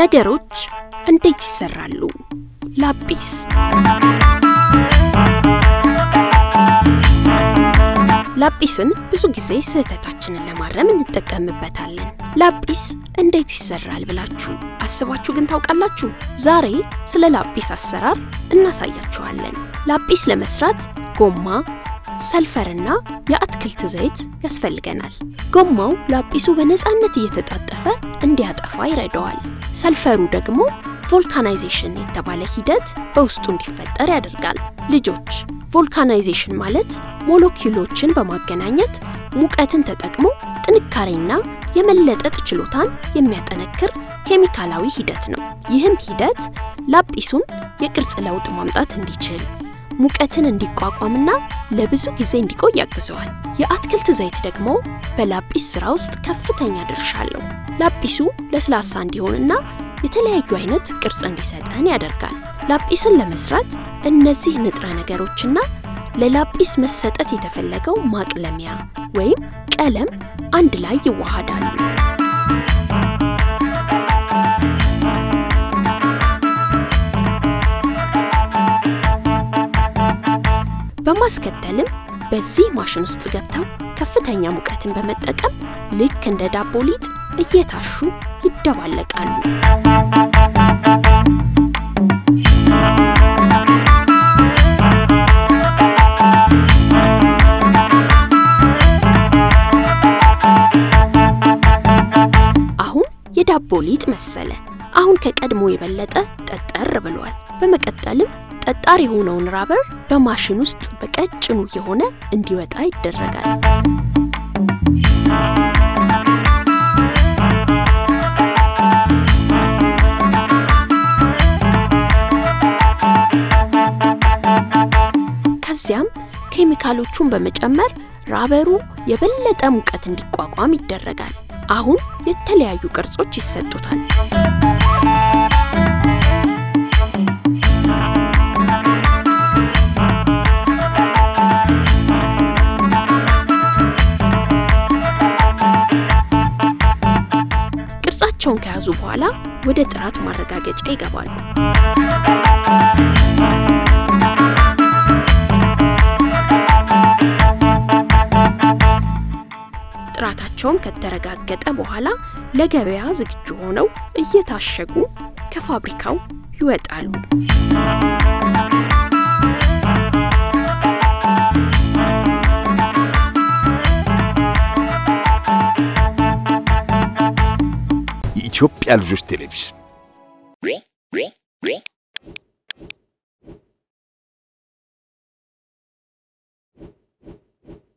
ነገሮች እንዴት ይሰራሉ? ላጲስ ላጲስን ብዙ ጊዜ ስህተታችንን ለማረም እንጠቀምበታለን። ላጲስ እንዴት ይሰራል ብላችሁ አስባችሁ ግን ታውቃላችሁ? ዛሬ ስለ ላጲስ አሰራር እናሳያችኋለን። ላጲስ ለመስራት ጎማ ሰልፈርና የአትክልት ዘይት ያስፈልገናል። ጎማው ላጲሱ በነፃነት እየተጣጠፈ እንዲያጠፋ ይረዳዋል። ሰልፈሩ ደግሞ ቮልካናይዜሽን የተባለ ሂደት በውስጡ እንዲፈጠር ያደርጋል። ልጆች ቮልካናይዜሽን ማለት ሞለኪውሎችን በማገናኘት ሙቀትን ተጠቅሞ ጥንካሬና የመለጠጥ ችሎታን የሚያጠነክር ኬሚካላዊ ሂደት ነው። ይህም ሂደት ላጲሱን የቅርጽ ለውጥ ማምጣት እንዲችል ሙቀትን ለብዙ ጊዜ እንዲቆይ ያግዘዋል። የአትክልት ዘይት ደግሞ በላጲስ ስራ ውስጥ ከፍተኛ ድርሻ አለው። ላጲሱ ለስላሳ እንዲሆንና የተለያዩ አይነት ቅርጽ እንዲሰጠን ያደርጋል። ላጲስን ለመስራት እነዚህ ንጥረ ነገሮችና ለላጲስ መሰጠት የተፈለገው ማቅለሚያ ወይም ቀለም አንድ ላይ ይዋሃዳሉ። በማስከተልም በዚህ ማሽን ውስጥ ገብተው ከፍተኛ ሙቀትን በመጠቀም ልክ እንደ ዳቦ ሊጥ እየታሹ ይደባለቃሉ። አሁን የዳቦ ሊጥ መሰለ። አሁን ከቀድሞ የበለጠ ጠጠር ብሏል። በመቀጠልም ጠጣር የሆነውን ራበር በማሽን ውስጥ በቀጭኑ የሆነ እንዲወጣ ይደረጋል። ከዚያም ኬሚካሎቹን በመጨመር ራበሩ የበለጠ ሙቀት እንዲቋቋም ይደረጋል። አሁን የተለያዩ ቅርጾች ይሰጡታል። ራሳቸውን ከያዙ በኋላ ወደ ጥራት ማረጋገጫ ይገባሉ። ጥራታቸውም ከተረጋገጠ በኋላ ለገበያ ዝግጁ ሆነው እየታሸጉ ከፋብሪካው ይወጣሉ። የኢትዮጵያ ልጆች ቴሌቪዥን